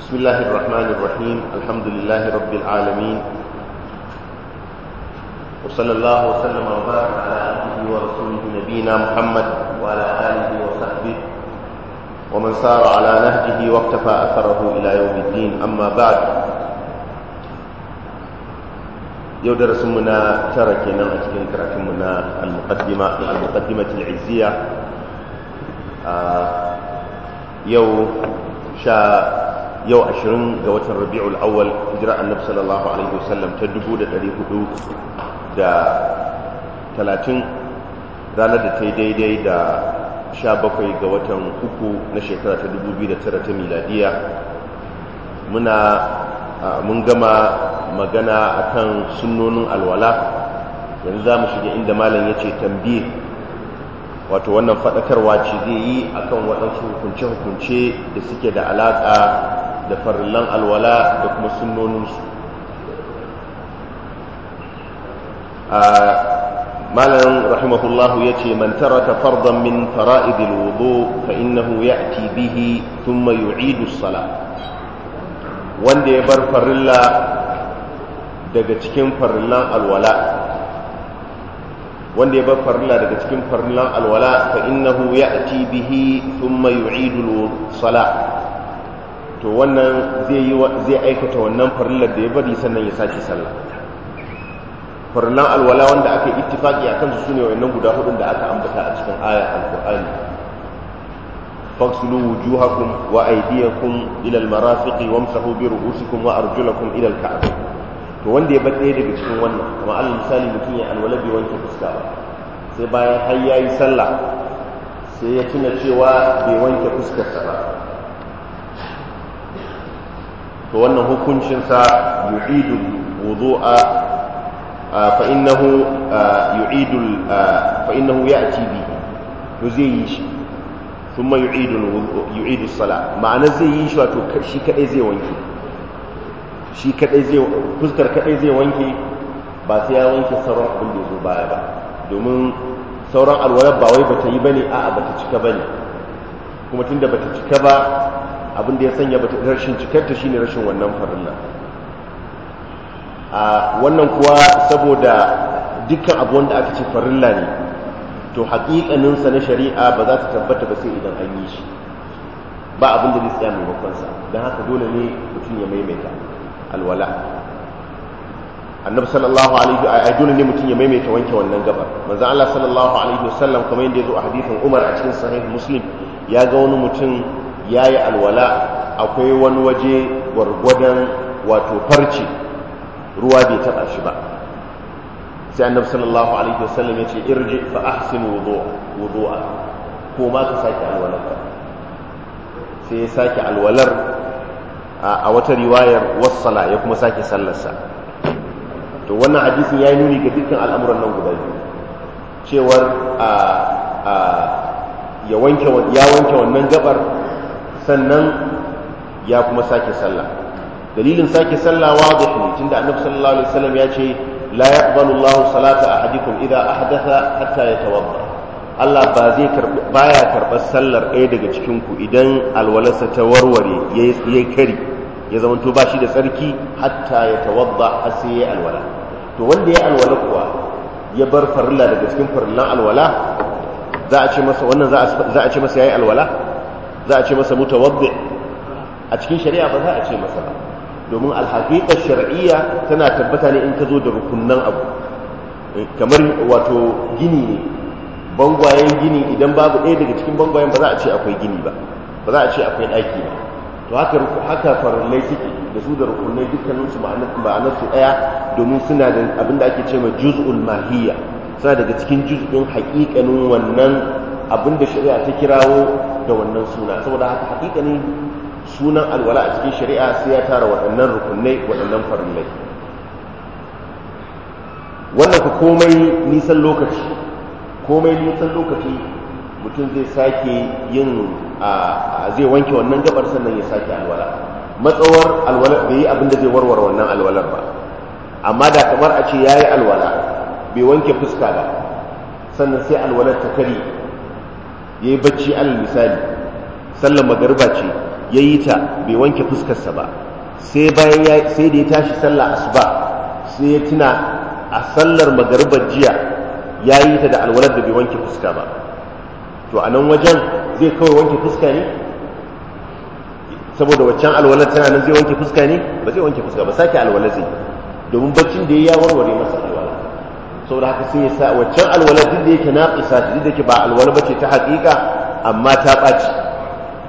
بسم الله الرحمن الرحيم الحمد لله رب العالمين وصلى الله وسلم وبارك على عبده ورسوله نبينا محمد وعلى اله وصحبه ومن سار على نهجه واقتفى اثره الى يوم الدين اما بعد yau da rasu na tara kenan a cikin karatunmu na al-muqaddimatul izziya yau sha yau ashirin ga watan rabi'ul awwal hijra annabi sallallahu alaihi wasallam ta dubu da 30 hudu da talatin ranar da ta yi daidai da sha bakwai ga watan uku na shekara ta dubu biyu da tara ta miladiya muna mun gama magana akan sunnonin alwala yanzu za mu shiga inda malam ya ce tambiye wato wannan faɗakarwa ce zai yi a kan waɗansu hukunce-hukunce da suke da alaƙa da farillan alwala da kuma sunnoninsu malam rahimahullahu ya ce mantara ta fardan min fara'idil wudu fa innahu ya'ti bihi tun mai as sala wanda ya bar farilla daga cikin farillan alwala wanda ya bar farilla daga cikin farillan alwala fa innahu ya'ti bihi thumma yu'idu salah to wannan zai yi zai aikata wannan farillar da ya bari sannan ya sake sallah farillan alwala wanda aka yi ittifaqi akan su sune wayannan guda hudun da aka ambata a cikin aya alqur'ani faghsilu wujuhakum wa aydiyakum ila almarafiqi wamsahu bi ru'usikum wa to wanda ya bar ɗaya daga cikin wannan kuma allah misali mutum ya alwala bai wanke fuska ba sai bayan har yayi sallah sai ya tuna cewa bai wanke fuskarsa ba to wannan hukuncinsa yu'idu wudu'a fa innahu yu'idu fa innahu ya'ti bi to zai yi shi kuma yu'idu yu'idu sala ma'ana zai yi shi wato shi kadai zai wanke shi kadai zai fuskar kadai zai wanke ba sai ya wanke sauran abin da zo baya ba domin sauran alwalar ba wai bata yi bane a'a bata cika bane kuma tunda bata cika ba abin da ya sanya bata rashin cikarta shine rashin wannan nan a wannan kuwa saboda dukkan abu wanda aka ce farilla ne to haƙiƙaninsa na shari'a ba za ta tabbata ba sai idan an yi shi ba abin da zai tsaya maimakonsa don haka dole ne mutum ya maimaita alwala annabi sallallahu alaihi wa alihi dole ne mutum ya maimaita wanke wannan gabar manzo Allah sallallahu alaihi wasallam kamar yadda zo a hadisin Umar a cikin sahih Muslim ya ga wani mutum yayi alwala akwai wani waje gwargwadon wato farci ruwa bai taba shi ba sai annabi sallallahu alaihi wasallam ya ce irji fa ahsin wudu'a ko ma ka sake alwalar sai ya sake alwalar a wata riwayar sala ya kuma sake sallarsa to wannan hadisin ya yi nuni ga dukkan al'amuran nan guda biyu cewar a a ya wanke ya wanke wannan gabar sannan ya kuma sake sallah dalilin sake sallah wadih ne tunda annabi sallallahu alaihi wasallam ya ce la yaqbalu Allahu salata ahadikum idza ahdatha hatta yatawadda Allah ba zai baya karbar sallar ɗaya daga cikin ku idan alwalasa ta warware yayi kari ya zamanto ba shi da tsarki hatta ya tawadda har sai ya alwala to wanda ya alwala kuwa ya bar farilla daga cikin farillan alwala za a ce masa wannan za a ce masa yayi alwala za a ce masa mutawaddi a cikin shari'a ba za a ce masa ba domin alhaqiqa shar'iyya tana tabbata ne in ka zo da rukunnan abu eh, kamar wato gini ne bangwayen gini idan babu ɗaya daga cikin bangwayen ba za a ce akwai gini ba ba za a ce akwai ɗaki ba to haka haka farallai suke da su da rukunai dukkanin su ma'anar su daya domin suna da abin da ake ce ma juz'ul mahiyya suna daga cikin juz'un haƙiƙanin wannan abin da shari'a ta kirawo da wannan suna saboda haka haƙiƙanin sunan alwala a cikin shari'a sai ya tara waɗannan rukunai waɗannan farallai wannan ka komai nisan lokaci komai nisan lokaci mutum zai sake yin zai wanke wannan gabar sannan ya sake alwala matsawar alwala bai yi abinda zai warware wannan alwalar ba amma da kamar a ce ya yi alwala bai wanke fuska ba sannan sai alwalar ta kari ya yi bacci alal misali sallan magarba ce ya yi ta bai wanke fuskarsa ba sai bayan sai da ya tashi sallar asuba sai ya tuna a sallar magarbar jiya ya yi ta da alwalar da bai wanke fuska ba to a nan wajen zai kawai wanke fuska ne saboda waccan alwalar tana nan zai wanke fuska ne ba zai wanke fuska ba sake alwalar zai domin baccin da ya yi warware masa alwala saboda haka sai ya sa waccan alwalar duk da yake naqisa ta duk da ke ba alwala ce ta haƙiƙa amma ta ɓaci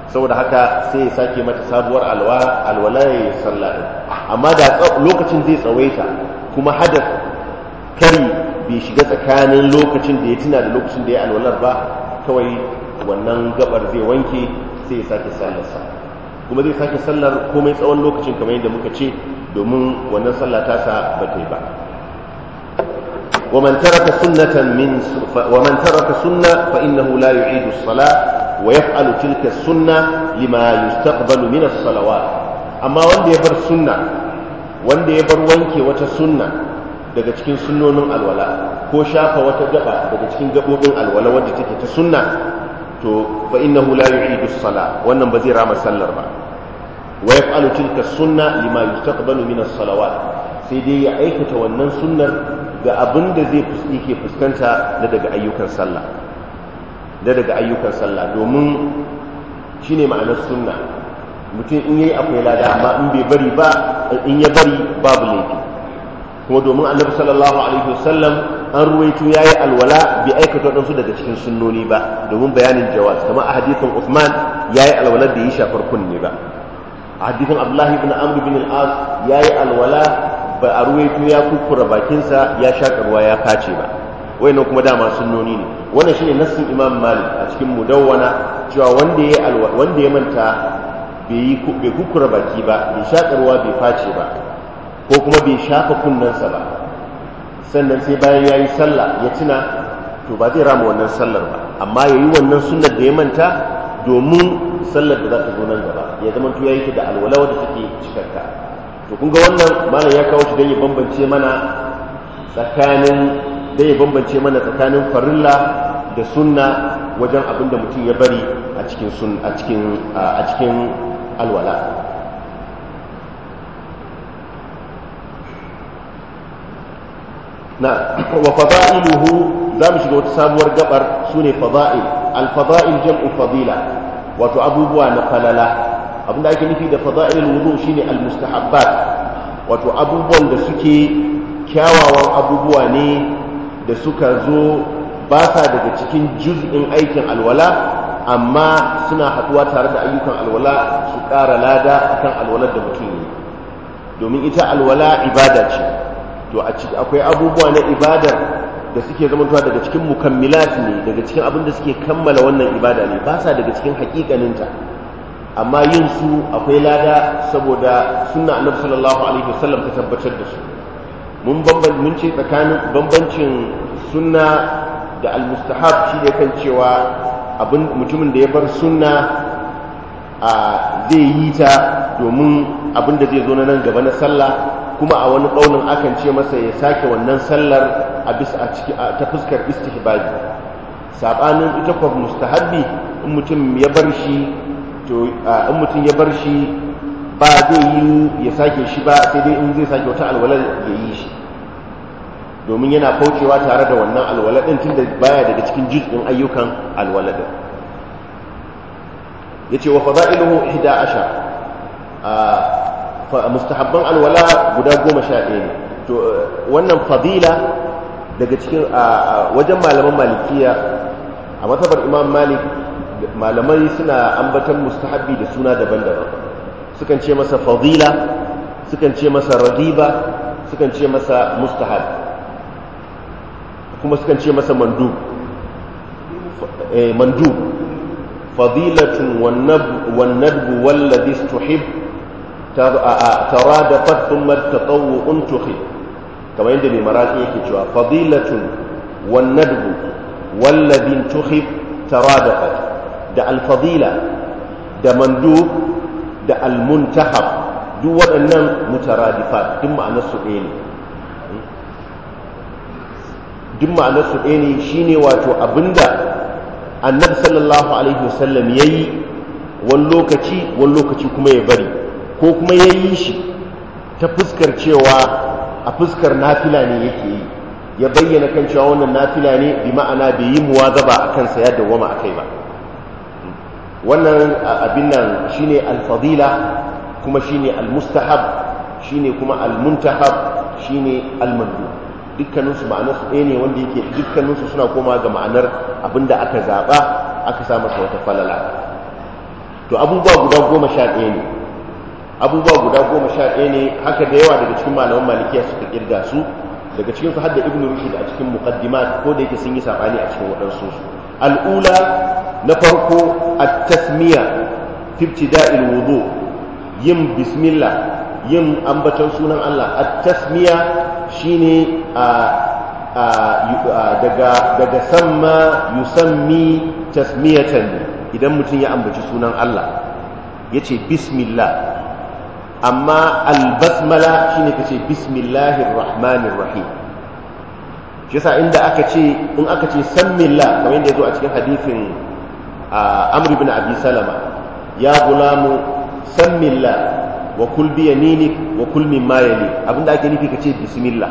saboda haka sai ya sake mata sabuwar alwala ya yi sallah amma da lokacin zai tsawaita kuma hadaf kari bai shiga tsakanin lokacin da ya tuna da lokacin da ya alwalar ba kawai wannan gabar zai wanke sai ya sake kuma zai sake sallar komai tsawon lokacin kamar yadda muka ce domin wannan sallatasa ba ta yi ba wa man taraka sunna fa innahu la yu'idu as-sala wa yaf'alu tilka sunna lima yustaqbalu min as-salawat amma wanda ya bar sunna wanda ya bar wanke wata sunna daga cikin sunnonin alwala ko shafa wata gaba daga cikin gabobin alwala wadda take ta sunna to fa innahu la yu'idu as salah wannan ba zai rama sallar ba wa yaf'alu tilka sunna lima yustaqbalu min as-salawat sai dai ya aikata wannan sunnar ga abin da zai ke fuskanta na daga ayyukan sallah da daga ayyukan sallah domin shine ma'anar sunna mutum in yayi akwai lada amma in bai bari ba in ya bari babu laifi kuma domin annabi sallallahu alaihi wasallam an ruwaito yayi alwala bi aikata wadansu daga cikin sunnoni ba domin bayanin jawaz kamar a hadithin Uthman yayi alwala da ya shafar kunne ba a hadithin Abdullahi ibn Amr ibn al-As yayi alwala ba a ruwaito ya kukkura bakinsa ya shaka ruwa ya face ba wayannan kuma dama sunnoni ne wannan shine nassin Imam Malik a cikin mudawwana cewa wanda ya wanda ya manta bai kukkura baki ba bai shaka ruwa bai face ba ko kuma bai shafa sa ba sannan sai bayan ya yi sallah ya tuna to ba zai rama wannan sallar ba amma ya yi wannan sunnar da ya manta domin sallar da za ta zo nan gaba ya zama to ya yi ta da alwala wadda take cikarta to kun ga wannan malam ya kawo shi don ya bambance mana tsakanin don ya bambance mana tsakanin farilla da sunna wajen abin da mutum ya bari a a cikin alwala na wa fada'iluhu za mu shiga wata sabuwar gabar ne fada'il al jam'u fadila wato abubuwa na falala abinda ake nufi da fada'il wudu shine al wato abubuwan da suke kyawawan abubuwa ne da suka zo ba sa daga cikin juz'in aikin alwala amma suna haɗuwa tare da ayyukan alwala su ƙara lada akan alwalar da mutum yi domin ita alwala ibada ce to a ciki akwai abubuwa na ibada da suke zamantowa daga cikin mukammilat ne daga cikin abin da suke kammala wannan ibada ne ba sa daga cikin haƙiƙaninta amma yin su akwai lada saboda sunna annabi sallallahu alaihi wasallam ta tabbatar da su mun ce tsakanin bambancin sunna da almustahab shi ne kan cewa abin mutumin da ya bar sunna a zai yi ta domin abin da zai zo na nan gaba na sallah kuma a wani ƙaunin akan ce masa ya sake wannan sallar a bisa ta fuskar istihbabi sabanin ita kwa mustahabbi in mutum ya bar shi to in mutum ya bar shi ba zai yi ya sake shi ba sai dai in zai sake wata alwala ya yi shi domin yana kaucewa tare da wannan alwala din da baya daga cikin juz'in ayyukan alwala din ce, wa fada'iluhu 11 a mustahabban alwala guda goma sha ɗaya ne to eh, wannan fadila daga cikin wajen malaman malikiya a matabar imam malik malamai suna ambatan mustahabbi da suna daban-daban sukan ce masa fadila sukan ce masa radiba sukan ce masa mustahab kuma sukan ce masa mandu eh, mandu fadilatun wannadbu wallazi tuhib taradafat thumma tatawwu'un tuhi kamar yadda mai maraki yake cewa fadilatun wan nadbu walladhin tuhib taradafat da alfadila da mandub da almuntahab duk waɗannan mutaradifat duk ma'anar su ɗaya ne duk ma'anar su ɗaya ne shine wato abinda annabi sallallahu alaihi yayi wani lokaci wani lokaci kuma ya bari ko kuma ya yi shi ta fuskar cewa a fuskar nafila ne yake yi ya bayyana kan cewa wannan nafila ne bi ma'ana bai yi muwa gaba a kansa ya dawwama a kai ba wannan abin nan shi ne alfadila kuma shi ne almustahab ne kuma almuntahab ne almandu dukkaninsu ma'anar ɗaya ne wanda yake dukkaninsu suna koma ga ma'anar abin da aka zaɓa aka sa wata falala to abubuwa guda goma sha ɗaya ne abubuwa guda goma sha ɗaya ne haka da yawa daga cikin malaman malikiya suka kirga su daga cikin su har da ibnu da a cikin muqaddimat ko da yake sun yi sabani a cikin waɗansu al'ula na farko at-tasmiya fi ibtida'il wudu yin bismillah yin ambaton sunan Allah at-tasmiya shine a daga daga samma yusammi tasmiyatan idan mutum ya ambaci sunan Allah yace bismillah amma albasmala shine kace bismillahir rahmanir rahim shi yasa inda aka ce in aka ce sammillah kamar yadda yazo a cikin hadisin amr ibn abi salama ya gulamu sammillah wa kul bi yaminik wa kul mimma yali abinda ake nufi kace bismillah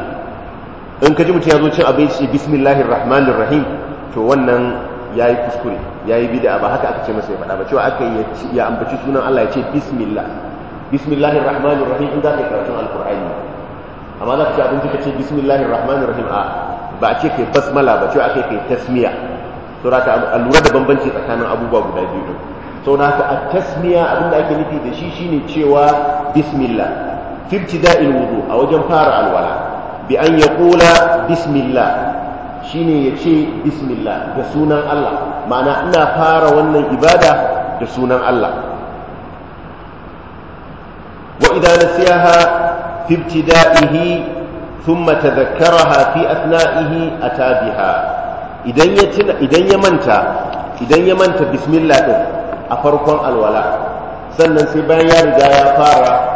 in kaji mutum ya zo cin abinci bismillahir rahmanir rahim to wannan ya yi kuskure ya yi bida ba haka aka ce masa ya faɗa ba cewa aka ya ambaci sunan Allah ya ce bismillah bismillahir rahmanir rahim in za ka karatun alqur'ani amma za ka ci abinci ka ce bismillahir rahmanir rahim a ba a ce kai mala ba ce a kai kai tasmiya saboda ka lura da bambanci tsakanin abubuwa guda biyu din saboda haka a tasmiya abinda ake nufi da shi shine cewa bismillah fi ibtida'il wudu a wajen fara alwala bi an yaqula bismillah shine ya ce bismillah da sunan Allah ma'ana ina fara wannan ibada da sunan Allah وإذا نسيها في ابتدائه ثم تذكرها في أثنائه أتى بها idan ya tuna idan ya manta idan ya manta bismillah ɗin a farkon alwala sannan sai bayan ya riga ya fara